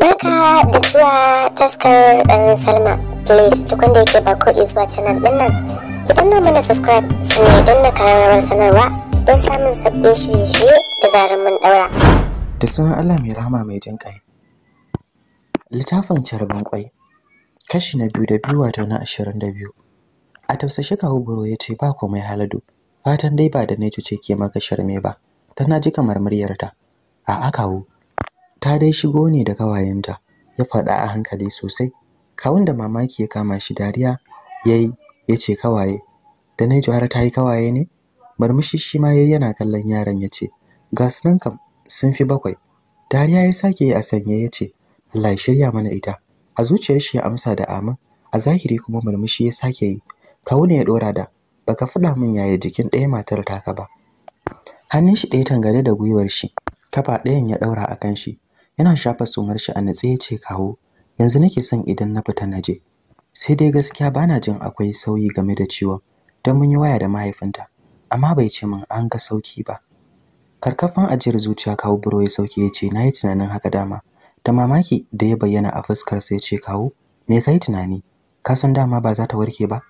Barka da zuwa taskar ɗan Salma. Please duk wanda yake ba ko zuwa canal ɗin nan, ki danna mana subscribe su ne don na kararrawar sanarwa don samun sabbin shirye-shirye da zarar mun ɗaura. Da sunan Allah mai rahama mai jin ƙai. Littafin Carbin Ƙwai, kashi na biyu da biyu wato na ashirin da biyu. a tausashe Kawu buro ya ce ba komai haladu fatan dai ba da nejo ce ke maka sharme ba tana ji kamar muryarta a Kawu. ta dai shigo ne da kawayenta ya faɗa a hankali sosai kawun da mamaki ya kama shi dariya ya yi ya ce kawaye da nejo har ta yi kawaye ne murmushi shi ma ya yana kallon yaron ya ce ga sunan sun fi bakwai dariya ya sake yi a sanye ya ce Allah ya shirya mana ita a zuciyar shi ya amsa da amin a zahiri kuma murmushi ya sake yi kawu ne ya ɗora da baka faɗa min yaya jikin ɗaya matar taka ba hannun shi ɗaya tangare da gwiwar shi kafa ɗayan ya ɗaura a kan shi yana shafa sumar shi a natse ya ce kawo yanzu nake son idan na fita na je sai dai gaskiya bana jin akwai sauyi game da ciwon don mun yi waya da mahaifinta amma bai ce min an ga sauki ba karkafan ajiyar zuciya kawo buro ya sauki ya ce na yi tunanin haka dama da mamaki da ya bayyana a fuskarsa sai ce kawo me ka yi tunani ka san dama ba za ta warke ba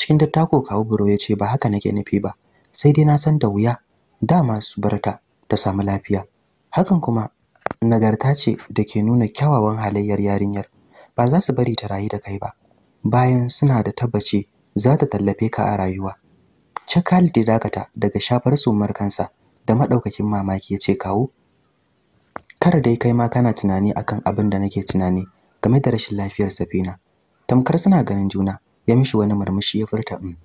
cikin dattako kawo buro ya ce ba haka nake nufi ba sai dai na san da wuya dama su barta ta samu lafiya hakan kuma nagarta ce da ke nuna kyawawan halayyar yarinyar ba za su bari ta rayu da kai ba bayan suna da tabbaci za ta tallafe ka a rayuwa Chakal da dakata daga shafar sumar kansa da madaukakin mamaki ya ce kawo kar dai kai ma kana tunani akan abin da nake tunani game da rashin lafiyar Safina tamkar suna ganin juna ya mishi wani murmushi ya furta um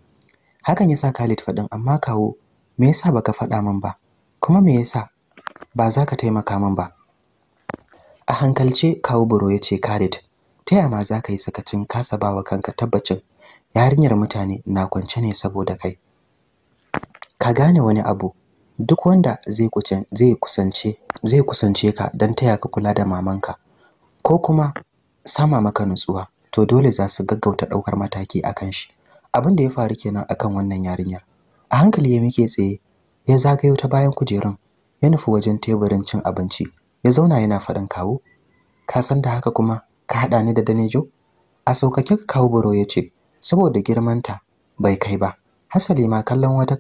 hakan yasa Khalid faɗin amma kawo me yasa baka faɗa min ba kuma me yasa ba za ka taimaka min ba a hankalce kawo buro ya ce Khalid ta yama za ka yi sakacin kasa bawa kanka tabbacin yarinyar mutane na kwance ne saboda kai ka gane wani abu duk wanda zai kusance zai kusance ka don taya ka kula da mamanka ko kuma sama maka nutsuwa to dole za su gaggauta ɗaukar mataki akan shi abin da ya faru kenan akan wannan yarinyar a hankali ya mike tsaye ya zagayo ta bayan kujerun ya nufi wajen teburin cin abinci ya zauna yana faɗin kawo ka san da haka kuma ka haɗa ni da danejo a saukake kawo buro ya ce saboda girmanta bai kai ba hasali ma kallon wata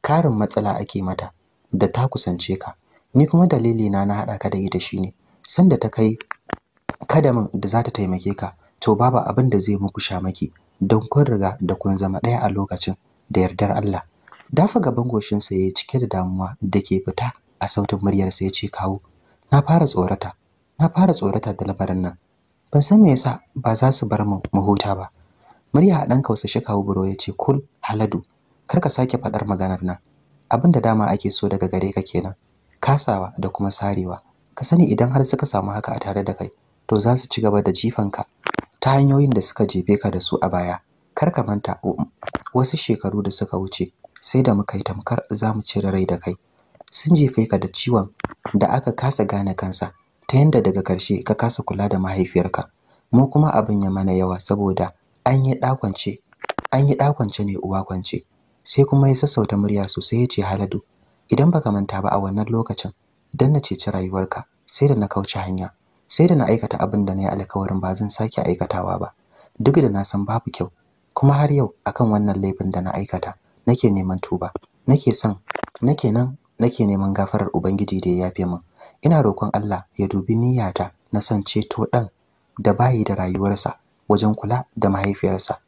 karin matsala ake mata da ta kusance ka ni kuma dalili na na haɗa ka da ita shine sanda ta kai kadamin da za ta taimake ka to babu abin da zai muku shamaki don kun riga da kun zama ɗaya a lokacin da yardar Allah dafa gaban goshin ya yayi cike da damuwa da ke fita a sautin muryar sa yace kawo na fara tsorata na fara tsorata da lamarin nan ban san me yasa ba za su bar mu mu huta ba murya a ɗan kausa shi kawo buro ya ce kul haladu kar ka sake faɗar maganar nan abin da dama ake so daga gare ka kenan kasawa da kuma sarewa ka sani idan har suka samu haka a tare da kai to za su ci gaba da jifanka ta hanyoyin da suka jefe ka da su a baya kar ka manta wasu shekaru da suka wuce sai da muka yi tamkar za mu cire rai da kai sun jefe ka da ciwon da aka kasa gane kansa ta yadda daga karshe ka kasa kula da mahaifiyarka mu kuma abin ya mana yawa saboda an yi dakwance ne uwa kwance sai kuma ya sassauta murya sosai ya ce haladu idan baka manta ba a wannan lokacin don na ceci rayuwarka sai da na kauce hanya sai da na aikata abin da na yi alkawarin ba zan sake aikatawa ba duk da na san babu kyau kuma har yau akan wannan laifin da na aikata nake neman tuba nake son nake nan nake neman gafarar ubangiji da ya yafe min ina roƙon Allah ya dubi niyyata na san ceto dan da bayi da rayuwarsa wajen kula da mahaifiyarsa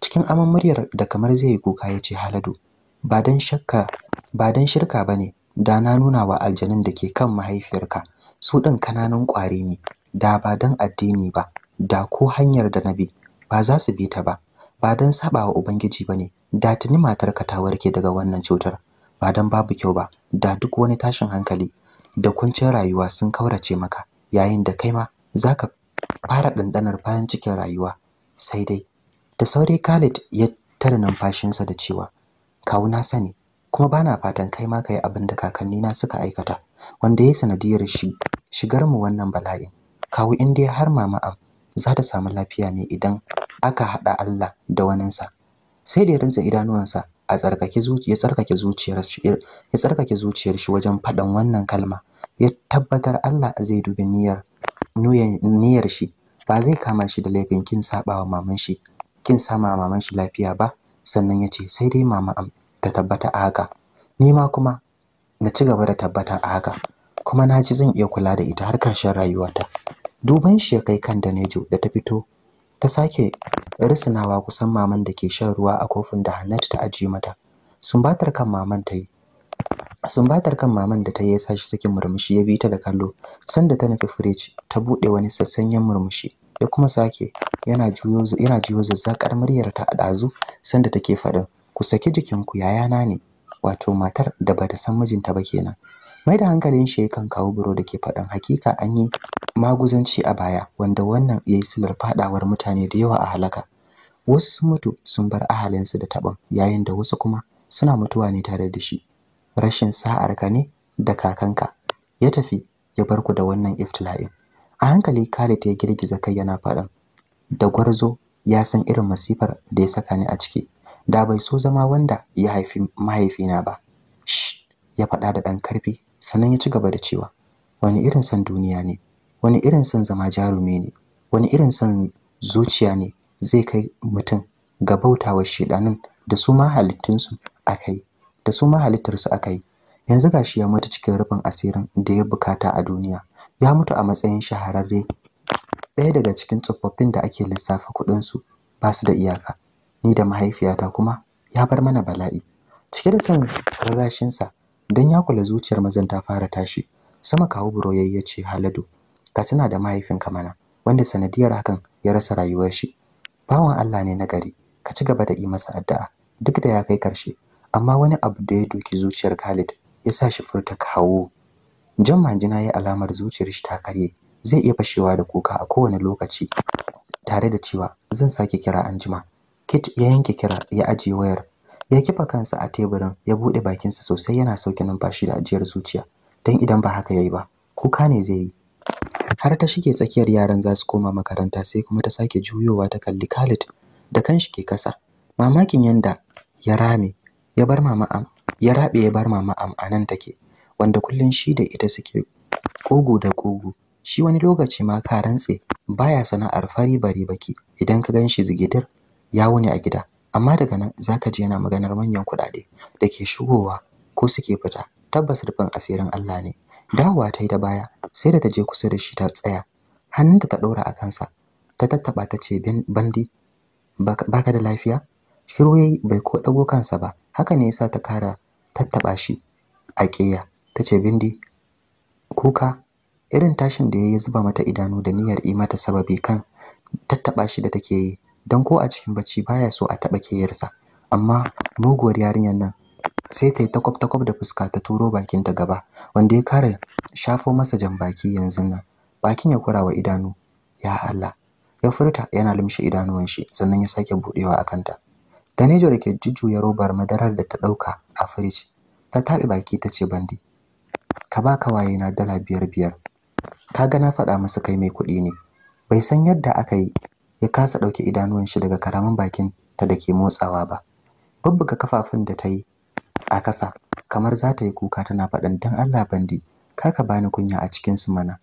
cikin aman muryar da kamar zai yi kuka ya ce haladu ba dan shakka ba dan shirka bane da na nuna wa aljanin da ke kan mahaifiyarka su ɗin ƙananan ƙwari ne da ba don addini ba da ko hanyar da na bi ba za su bi ta ba ba don saɓawa ubangiji ba ne da tuni matarka ta warke daga wannan cutar ba don babu kyau ba da duk wani tashin hankali da kuncin rayuwa sun kaurace maka yayin da kai ma za ka fara ɗanɗanar bayan cikin rayuwa sai dai da sauri khalid ya tare numfashinsa da cewa kawu na sani kuma bana fatan kai ma kai abin da kakanni na suka aikata wanda ya sanadiyar shi shigar mu wannan bala'in kawu indiya har mama am za ta samu lafiya ne idan aka hada Allah da waninsa sai da ya rinsa idanuwansa a tsarkake ya tsarkake zuciyar shi ya tsarkake zuciyar shi wajen faɗan wannan kalma ya tabbatar Allah zai dubi niyyar niyyar shi ba zai kama shi da laifin kin saba wa maman shi kin sama maman shi lafiya ba sannan ya ce sai dai mama am ta tabbata a haka ni ma kuma na ci gaba da tabbata a haka kuma na ji zan iya kula da ita har karshen rayuwata duban shi ya kai kan da nejo da ta fito ta sake risinawa kusan maman da ke shan ruwa a kofin da hannatu ta ajiye mata sumbatar kan maman ta yi sumbatar kan maman da ta yi ya sashi sakin murmushi ya bi ta da kallo sanda ta nufi firij ta buɗe wani sassanyen murmushi ya kuma sake yana juyo yana juyo zazzakar muryar ta a ɗazu sanda take faɗin ku saki jikinku yayana ne wato matar da ba ta san mijinta ba kenan mai da hankalin shi kan kawo buro da ke faɗin hakika an yi maguzanci a baya wanda wannan ya yi silar faɗawar mutane da yawa a halaka wasu sun mutu sun bar ahalinsu da taɓon yayin da wasu kuma suna mutuwa ne tare da shi rashin sa'ar ka ne da kakanka ya tafi ya bar ku da wannan iftila'in a hankali Khalid ya girgiza kai yana faɗin da gwarzo ya san irin masifar da ya saka ni a ciki da bai so zama wanda ya haifi mahaifina ba ya faɗa da ɗan karfi sannan ya ci gaba da cewa wani irin son duniya ne wani irin son zama jarumi ne wani irin son zuciya ne zai kai mutum ga bautawa shedanin da su ma halittunsu akai da su ma halittarsu akai yanzu gashi ya mutu cikin rufin asirin da ya bukata a duniya ya mutu a matsayin shahararre ɗaya daga cikin tsofaffin da ake lissafa kuɗinsu ba su da iyaka ni da mahaifiyata kuma ya bar mana bala'i cike da son rarrashinsa don ya kula zuciyar mazan ta fara tashi sama kawo buroyayye ya ce haladu ka tana da mahaifinka mana wanda sanadiyar hakan ya rasa rayuwar shi bawan Allah ne na gari ka ci gaba da yi masa addu'a duk da ya kai karshe amma wani abu da ya doki zuciyar Khalid ya sa shi furta kawo jan majina ya alamar zuciyar shi ta karye zai iya fashewa da kuka a kowane lokaci tare da cewa zan sake kira anjima Kit ya yanke kira ya ajiye wayar. Ya kifa kansa a teburin ya bude bakinsa sosai yana sauke numfashi da ajiyar zuciya. dan idan ba haka yayi ba, kuka ne zai yi. Har ta shige tsakiyar yaran za su koma makaranta sai kuma ta sake juyowa ta kalli Khalid da kanshi ke kasa. Mamakin yanda ya rame ya bar mama am ya rabe ya bar mama am anan take wanda kullun shi da ita suke kogo da kogo shi wani lokaci ma ka rantse baya sana'ar fari bari baki idan ka ganshi zigidir ya wuni a gida amma daga nan zaka ji yana maganar manyan kuɗaɗe da ke shigowa ko suke fita tabbas rufin asirin Allah ne dawowa ta yi da baya sai da ta je kusa da shi ta tsaya hannunta ta ɗora a kansa ta tattaɓa ta ce bandi baka da lafiya shiru yayi bai ko ɗago kansa ba haka ne yasa ta kara tattaɓa shi a ƙeya ta ce bindi kuka irin tashin da ya zuba mata idanu da niyyar yi mata sababi kan tattaɓa shi da take yi Dan ko a cikin bacci baya so a taɓa keyarsa amma muguwar yarinyar nan sai ta yi takwab-takwab da fuska ta turo bakin ta gaba wanda ya kare shafo masa jan baki yanzu nan bakin ya kurawa idanu ya Allah ya furta yana limshe idanuwan shi sannan ya sake budewa a ta Tanejo da ke jujjuya robar madarar da ta dauka a firij ta taɓi baki ta ce bandi ka ba ka waye na dala biyar biyar ka ga na faɗa masa kai mai kuɗi ne bai san yadda aka yi ya kasa ɗauke idanuwan shi daga karamin bakin ta da ke motsawa ba bubbuga kafafun da ta yi a kasa kamar za ta yi kuka tana faɗin dan Allah bandi kaka bani kunya a cikin su mana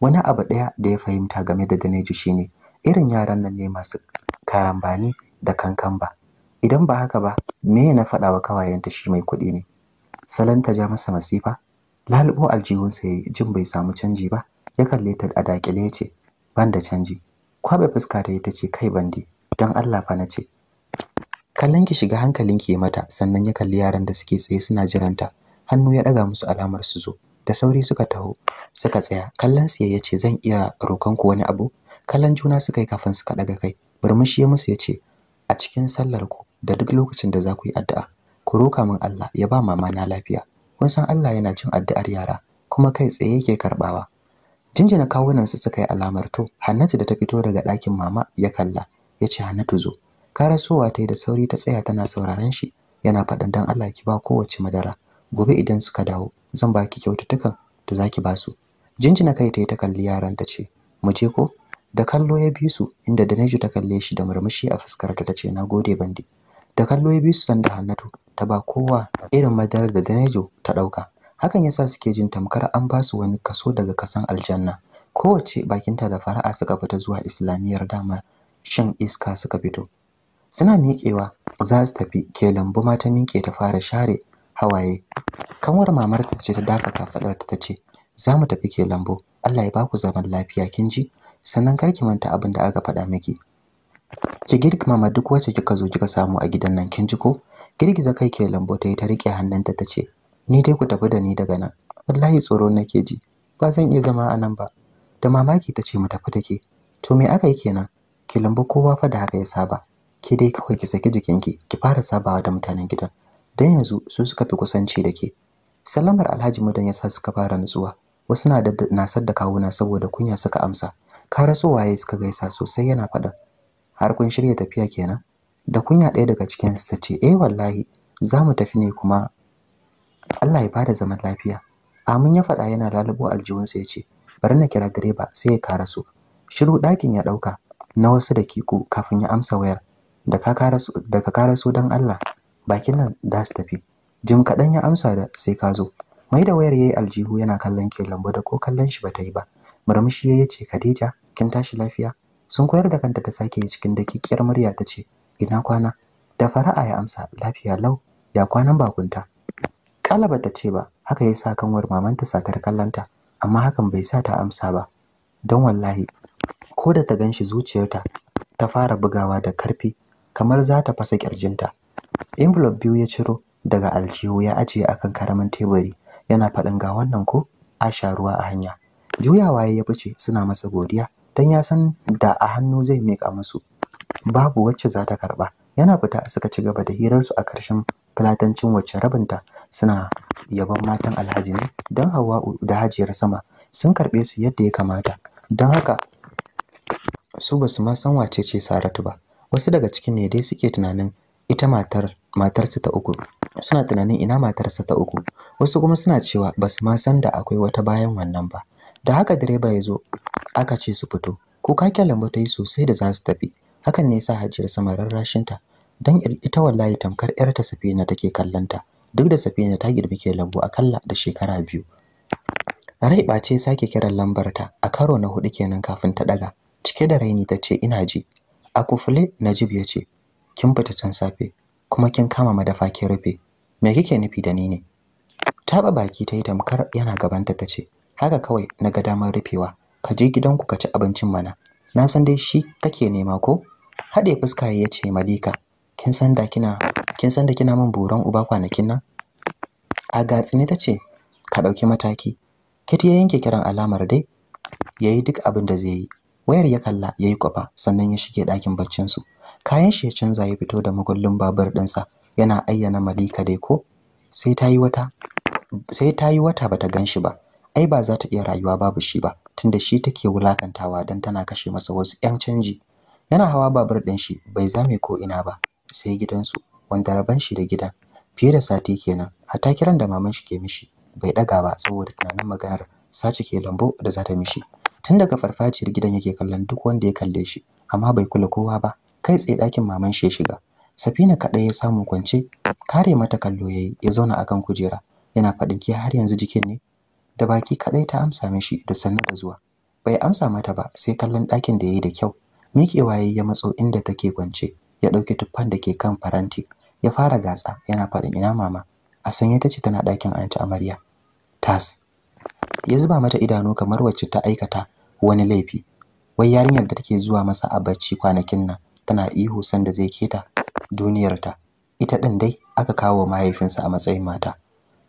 wani abu ɗaya da ya fahimta game da Daneji shine irin yaran nan ne masu karambani da kankamba idan ba haka ba me na faɗa wa kawayenta shi mai kuɗi ne salon ta ja masa masifa lalubo aljihunsa ya jin bai samu canji ba ya kalle ta a dakile ce ban da canji kwabe fuska da ita ce kai bandi don Allah fa na ce kallon ki shiga hankalin ki mata sannan ya kalli yaran da suke tsaye suna jiranta hannu ya ɗaga musu alamar su zo da sauri suka taho suka tsaya kallon siya ya ce zan iya rokan ku wani abu kallon juna suka yi kafin suka ɗaga kai burmushi ya musu ya ce a cikin sallar ku da duk lokacin da za ku yi addu'a ku roka min Allah ya ba mama na lafiya kun san Allah yana cin addu'ar yara kuma kai tsaye yake karɓawa. jinjina kawunan su suka yi alamar to hannatu da ta fito daga ɗakin mama ya kalla ya ce hannatu zo karasowa ta yi da sauri ta tsaya tana sauraron shi yana faɗin dan allah ki ba kowace madara gobe idan suka dawo zan ba ki kyaututtukan da za ki ba su jinjina kai ta yi ta kalli yaran ta ce mu je ko da kallo ya bi su inda Danejo ta kalle shi da murmushi a fuskarta ta ce na gode bandi da kallo ya bi su sanda Hannatu ta ba kowa irin madarar da Danejo ta ɗauka. hakan yasa suke jin tamkar an ba su wani kaso daga kasan aljanna kowace bakinta da fara'a suka fita zuwa islamiyar dama shan iska suka fito suna miƙewa za su tafi ke lambu ma ta miƙe ta fara share hawaye kanwar mamar ta ce ta dafa kafadar ta ce za mu tafi ke lambu Allah ya baku zaman lafiya kin ji sannan kar ki manta abin da aka faɗa miki ki girkima ma duk wacce kika zo kika samu a gidan nan kin ji ko girgiza kai ke lambu ta yi ta riƙe hannunta ta ce ni dai ku tafi da ni daga nan wallahi tsoro nake ji ba zan iya zama a nan ba da mamaki ta ce mu tafi da ke to me aka yi kenan ki lambu kowa fa da haka ya saba ke dai kawai ki saki jikinki ki fara sabawa da mutanen gidan dan yanzu su suka fi kusanci da ke sallamar alhaji mudan ya sa suka fara nutsuwa wasu na nasar da kawuna saboda kunya suka amsa karaso waye suka gaisa sosai yana faɗa har kun shirya tafiya kenan da kunya ɗaya daga cikin su ta ce eh wallahi za mu tafi ne kuma Allah ya bada zaman lafiya amin ya faɗa yana lalubo aljihunsa ya ce bari na kira direba sai ya kara su shiru ɗakin ya ɗauka na wasu dakiku kafin ya amsa wayar da ka kara su don Allah bakin nan da su tafi jim kaɗan ya amsa da sai ka zo mai da wayar yayi aljihu yana kallon ke lambu da ko kallon shi ba ta yi ba murmushi yayi ce Khadija kin tashi lafiya sun koyar da kanta ta sake yi cikin dakikiyar murya ta ce ina kwana da fara'a ya amsa lafiya lau ya kwanan bakunta ba ta ce ba, haka ya sa kanwar mamanta satar kallonta, amma hakan bai sa ta amsa ba. Don wallahi, ko da ta gan shi zuciyarta ta fara bugawa da karfi kamar za ta fasa kirjinta. Envelope biyu ya ciro daga aljihu ya ajiye a kan karamin teburi, yana faɗin ga wannan ko a sha ruwa a hanya. Juyawa ya fice suna masa godiya don ya san da a hannu zai miƙa musu. Babu wacce za ta karɓa. Yana fita suka ci gaba da hirarsu a ƙarshen fulatancin wacce rabinta suna yabon matan Alhaji ne don Hauwa da Hajiyar Sama sun karɓe su yadda ya kamata. Don haka su ba su ma san wace ce Saratu ba. Wasu daga cikin ne dai suke tunanin ita matar matarsa ta uku. Suna tunanin ina matarsa ta uku. Wasu kuma suna cewa ba su ma san da akwai wata bayan wannan ba. Da haka direba ya zo aka ce su fito. Kuka kyalambo ta yi sosai da za su tafi. Hakan ne ya sa Hajiyar Sama rarrashinta dan ita wallahi tamkar yar ta Safina take kallanta duk da Safina ta girbi ke lambu a kalla da shekara biyu Rai bace sake kiran lambarta a karo na hudu kenan kafin ta daga cike da raini ta ce ina ji a kufule Najib ya ce kin fita can safe kuma kin kama madafa rufe me kike nufi da ni ne taba baki ta yi tamkar yana gabanta ta ce haka kawai na ga damar rufewa ka je gidanku ka ci abincin mana na san dai shi kake nema ko haɗe fuska ya malika kin san da kina kin san min boran uba kwanakin nan A agatsini ta ce ka ɗauki mataki kiti ya yanke kiran alamar dai ya yi duk abin da zai yi wayar ya kalla ya yi kwafa sannan ya shige ɗakin baccinsu kayan shi ya canza ya fito da magullin babur ɗinsa yana ayyana malika dai ko sai ta yi wata sai ta bata gan shi ba ai ba za ta iya rayuwa babu shi ba tunda shi take wulakantawa don tana kashe masa wasu 'yan canji yana hawa babur ɗin shi bai zame ko ina ba sai gidansu wanda rabon shi da gidan fiye da sati kenan hatta kiran da maman shi ke mishi bai daga ba saboda tunanin maganar sace ke lambo da za ta mishi tun daga farfajiyar gidan yake kallon duk wanda ya kalle shi amma bai kula kowa ba kai tsaye ɗakin maman shi ya shiga Safina kaɗai ya samu kwance, kare mata kallo yayi, ya zauna akan kujera, yana faɗin ke har yanzu jikin ne? Da baki kaɗai ta amsa mishi da sannu da zuwa. Bai amsa mata ba, sai kallon ɗakin da ya yi da kyau. Miƙewa yayi ya matso inda take kwance, ya ɗauki tuffan da ke kan faranti ya fara gatsa yana faɗin ina mama a sanye ta ce tana ɗakin anti amarya tas ya zuba mata idanu kamar wacce ta aikata wani laifi wai yarinyar da take zuwa masa a bacci kwanakin nan tana ihu sanda zai keta duniyarta ita ɗin dai aka kawo mahaifinsa a matsayin mata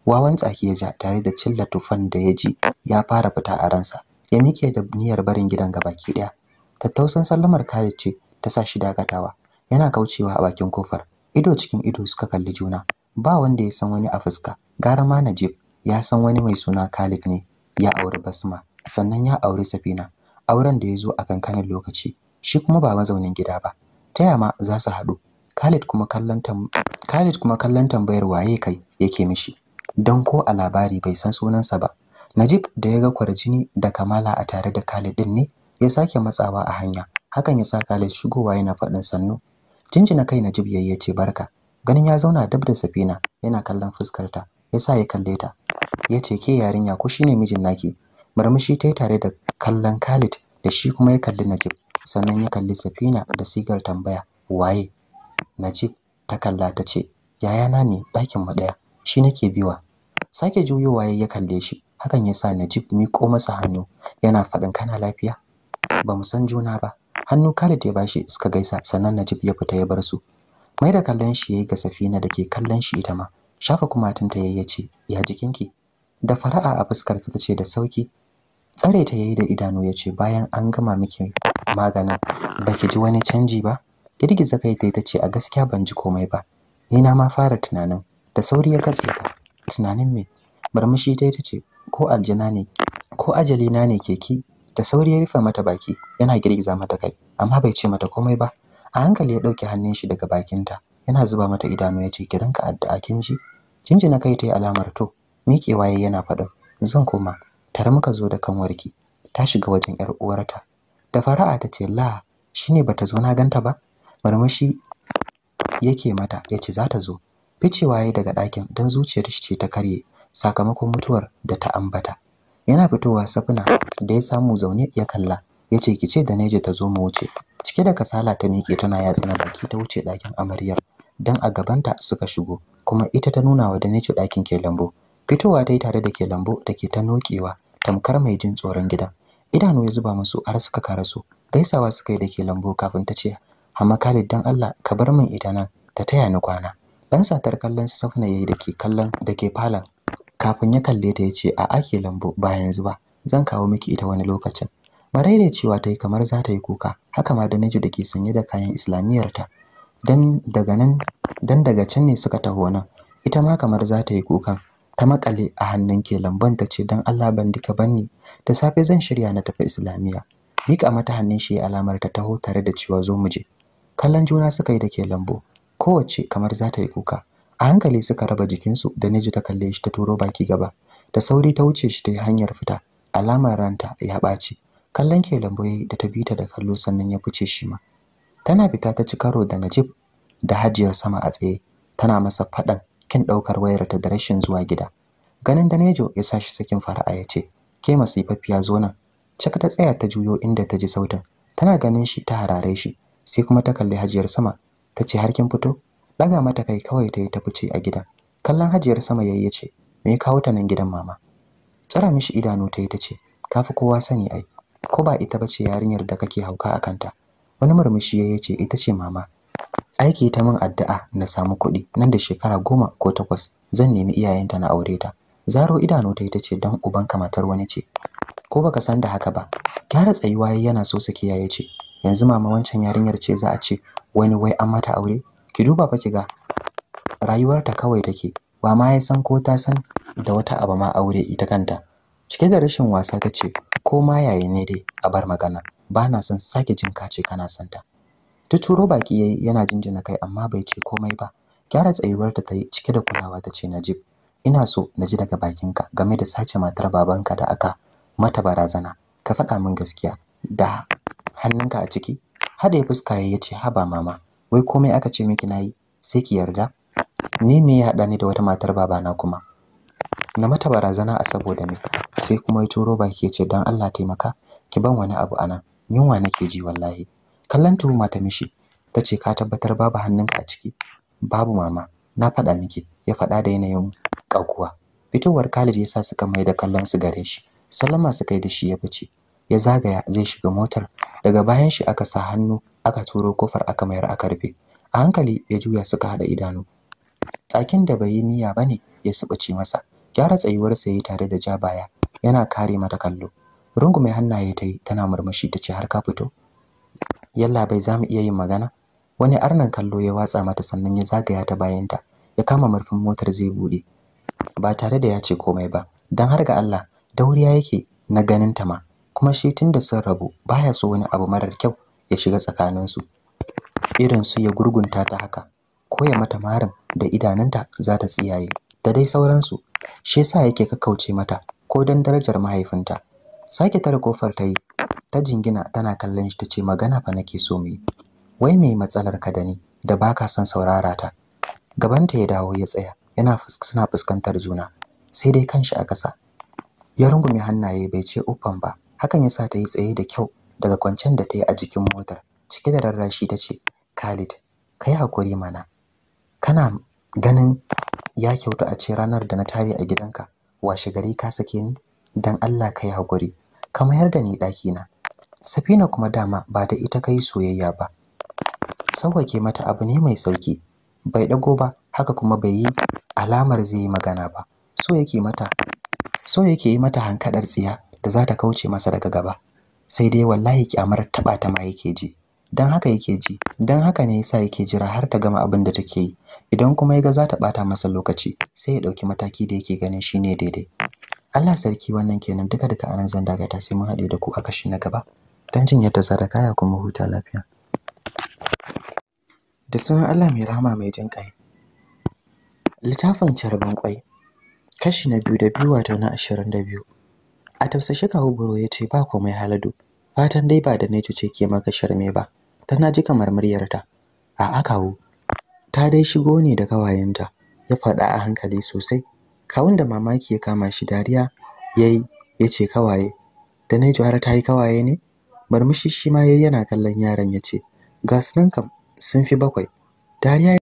wawan tsaki ya ja tare da cilla tufan da ya ji ya fara fita a ransa ya miƙe da niyyar barin gidan gabaki ɗaya tattausan sallamar kayace ce ta sa shi dakatawa yana kaucewa a bakin kofar ido cikin ido suka kalli juna ba wanda ya san wani a fuska gara ma Najib ya san wani mai suna Khalid ne ya auri Basma sannan ya auri Safina auren da ya zo a kankanin lokaci shi kuma ba mazaunin gida ba ta ma za su haɗu Khalid kuma kallon tambayar waye kai yake mishi don ko a labari bai san sunansa ba Najib da ya ga kwarjini da kamala a tare da Khalid din ne ya sake matsawa a hanya hakan ya sa Khalid shigowa yana faɗin sannu jinjina kai na yi ya ce barka ganin ya zauna dab da safina yana kallon fuskarta ya sa ya kalle ta ya ce ke yarinya ko shine mijin naki murmushi ta yi tare da kallon khalid da shi kuma ya kalli najib sannan ya kalli safina da sigar tambaya waye najib ta kalla ta ce yayana ne ɗakin mu ɗaya shi nake biwa sake juyowa ya kalle shi hakan ya sa najib miƙo masa hannu yana faɗin kana lafiya ba mu san juna ba hannu Khalid ya bashi suka gaisa sannan Najib ya fita ya bar su mai da kallon shi yayi ga Safina dake kallon shi ita ma shafa kumatunta yayi yace ya jikinki da fara'a a fuskar ta tace da sauki tsare ta yayi da idanu yace bayan an gama miki maganin baki ji wani canji ba girgiza kai ta tace a gaskiya ban ji komai ba ni na ma fara tunanin da sauri ya katse ka. tunanin me murmushi ta tace ko aljina ne ko ajali na ne keki da sauri ya rufe mata baki yana girgiza mata kai amma bai ce mata komai ba a hankali ya ɗauki hannun shi daga bakinta yana zuba mata idanu ya ce ki rinka addu'a kin ji jinjina kai ta alamar to miƙewa yayi yana faɗa zan koma tare muka zo da kanwarki ta shiga wajen yar uwarta da fara'a ta ce la shine bata zo na ganta ba murmushi yake mata ya ce za ta zo ficewa yayi daga ɗakin don zuciyar shi ce ta karye sakamakon mutuwar da ta ambata yana fitowa safina da ya samu zaune ya kalla ya ce kice da neje ta zo mu wuce cike da kasala ta miƙe tana yatsa na baki ta wuce ɗakin amaryar dan a gabanta suka shigo kuma ita ta nuna wa da neje ɗakin ke lambo fitowa ta yi tare da ke lambo da ke ta nokewa tamkar mai jin tsoron gidan idanu ya zuba musu har suka karasu gaisawa suka yi da ke lambo kafin ta ce amma Khalid dan Allah ka bar min ita nan ta taya ni kwana dan satar kallon safna yayi da ke kallon da ke falon kafin ya kalle ta yace ce ake lambo lambu ba yanzu ba zan kawo miki ita wani lokacin maraida cewa ta yi kamar za ta yi kuka haka ma da da ke sanye da kayan ta dan daga nan dan daga can ne suka taho nan ita ma kamar za ta yi kukan ta makale a hannun ke lamban ta ce dan Allah ban dika banni da safe zan shirya na tafi islamiyya mika mata hannun shi alamar ta taho tare da cewa zo mu je kallon juna suka yi da ke lambu kowace kamar za ta yi kuka a hankali suka raba jikinsu da niji ta kalle shi ta turo baki gaba da sauri ta wuce shi ta hanyar fita alamar ranta ya ɓaci kallon ke da ta bita da kallo sannan ya fice shi ma tana fita ta ci karo da najib da hajiyar sama a tsaye tana masa faɗan kin ɗaukar wayarta da rashin zuwa gida ganin danejo ya sa shi sakin fara'a ya ce ke masifaffiya zo nan cika ta tsaya ta juyo inda ta ji sautin tana ganin shi ta harare shi sai kuma ta kalli hajiyar sama ta ce har kin fito daga mata kai kawai ta yi ta fice a gidan kallon hajiyar sama yayi ya ce me ya kawo ta nan gidan mama tsara mishi idanu ta yi ta ce kafi kowa sani ai ko ba ita bace yarinyar da kake hauka a kanta wani murmushi yayi ya ce ita ce mama aiki ta min addu'a na samu kuɗi nan da shekara goma ko takwas zan nemi iyayenta na aure ta zaro idanu ta ita ce don ubanka matar wani ce ko baka san da haka ba gyara tsayuwa yana so su kiyaye ce yanzu mama wancan yarinyar ce za a ce wani wai an mata aure ki duba fa ki ga rayuwarta kawai take ba ma ya san ko ta san da wata abu ma aure ita kanta cike da rashin wasa ta ce ko ma yaye ne dai a bar magana ba na son sake jin ka ce kana son ta ta turo baki yayi yana jinjina kai amma bai ce komai ba gyara tsayuwarta ta yi cike da kulawa ta ce najib ina so na ji daga bakinka game da sace matar babanka da aka mata barazana ka faɗa min gaskiya da hannunka a ciki hada fuska ya ce haba mama wai komai aka ce miki nayi sai ki yarda ni me ya hada ni da wata matar babana kuma na mata barazana a saboda me sai kuma ya turo baki ya ce dan Allah taimaka ki ban wani abu ana. yunwa nake ji wallahi kallon tuhuma ta mishi ta ce ka tabbatar babu hannunka a ciki babu mama na faɗa miki ya faɗa da yanayin kakuwa fitowar Khalid ya sa suka mai da kallon su gare shi salama suka yi da shi ya fice ya zagaya zai shiga motar daga bayan shi aka sa hannu aka turo kofar aka mayar a karfe. a hankali ya juya suka hada idanu tsakin da bai yi niyya bane ya subuce masa gyara tsayuwarsa yayi tare da ja baya yana kare mata kallo rungu mai hannaye ta tana murmushi ta ce har ka fito yalla bai zamu iya yin magana wani arnan kallo ya watsa mata sannan ya zagaya ta bayanta ya kama murfin motar zai bude ba tare da ya ce komai ba dan har ga Allah dauriya yake na ganin ta ma kuma shi tun da sun rabu baya so wani abu marar kyau ya shiga tsakaninsu irin su ya gurgunta ta haka ko ya mata marin da idanunta za ta tsiyaye da dai sauransu shi yasa yake kakkauce mata ko don darajar mahaifinta sake tare kofar ta yi ta jingina tana kallon shi ta ce magana fa nake so mu yi wai me matsalar ka da ni da baka son saurara ta gabanta ya dawo ya tsaya yana suna fuskantar juna sai dai kanshi a ƙasa ya rungume hannaye bai ce uffan ba hakan yasa ta yi tsaye da kyau daga kwancen da ta yi a jikin motar cike da rarrashi ta ce khalid ka yi hakuri mana kana ganin ya kyautu a ce ranar da na tare a gidanka washe gari ka sake ni dan allah ka yi hakuri ka mayar da ni ɗakina safina kuma dama ba da ita ka yi soyayya ba sauwake mata abu ne mai sauki bai ɗago ba haka kuma bai yi alamar zai yi magana ba so yake mata so yake yi mata hankaɗar tsiya da za ta kauce masa daga gaba sai dai wallahi kyamar taba ta ma yake ji dan haka yake ji dan haka ne yasa yake jira har ta gama abin da take yi idan kuma ya ga za ta bata masa lokaci sai ya dauki mataki da yake ganin shine daidai Allah sarki wannan kenan duka duka anan zan dagata sai mun hade da ku a kashi na gaba dan jin yadda za ta kaya kuma huta lafiya da sunan Allah mai rahama mai jin kai littafin charban kwai kashi na biyu da biyu wato na ashirin da biyu a tausashe kawu buro ya ce ba komai haladu fatan dai ba da ce ke maka sharme ba tana ji kamar muryarta a akawu ta dai shigo ne da kawayenta ya faɗa a hankali sosai kawun da mamaki ya kama shi dariya yayi ya ce kawaye da na har ta yi kawaye ne murmushi shi ma yayi yana kallon yaron ya ce ga sunan kam sun fi bakwai dariya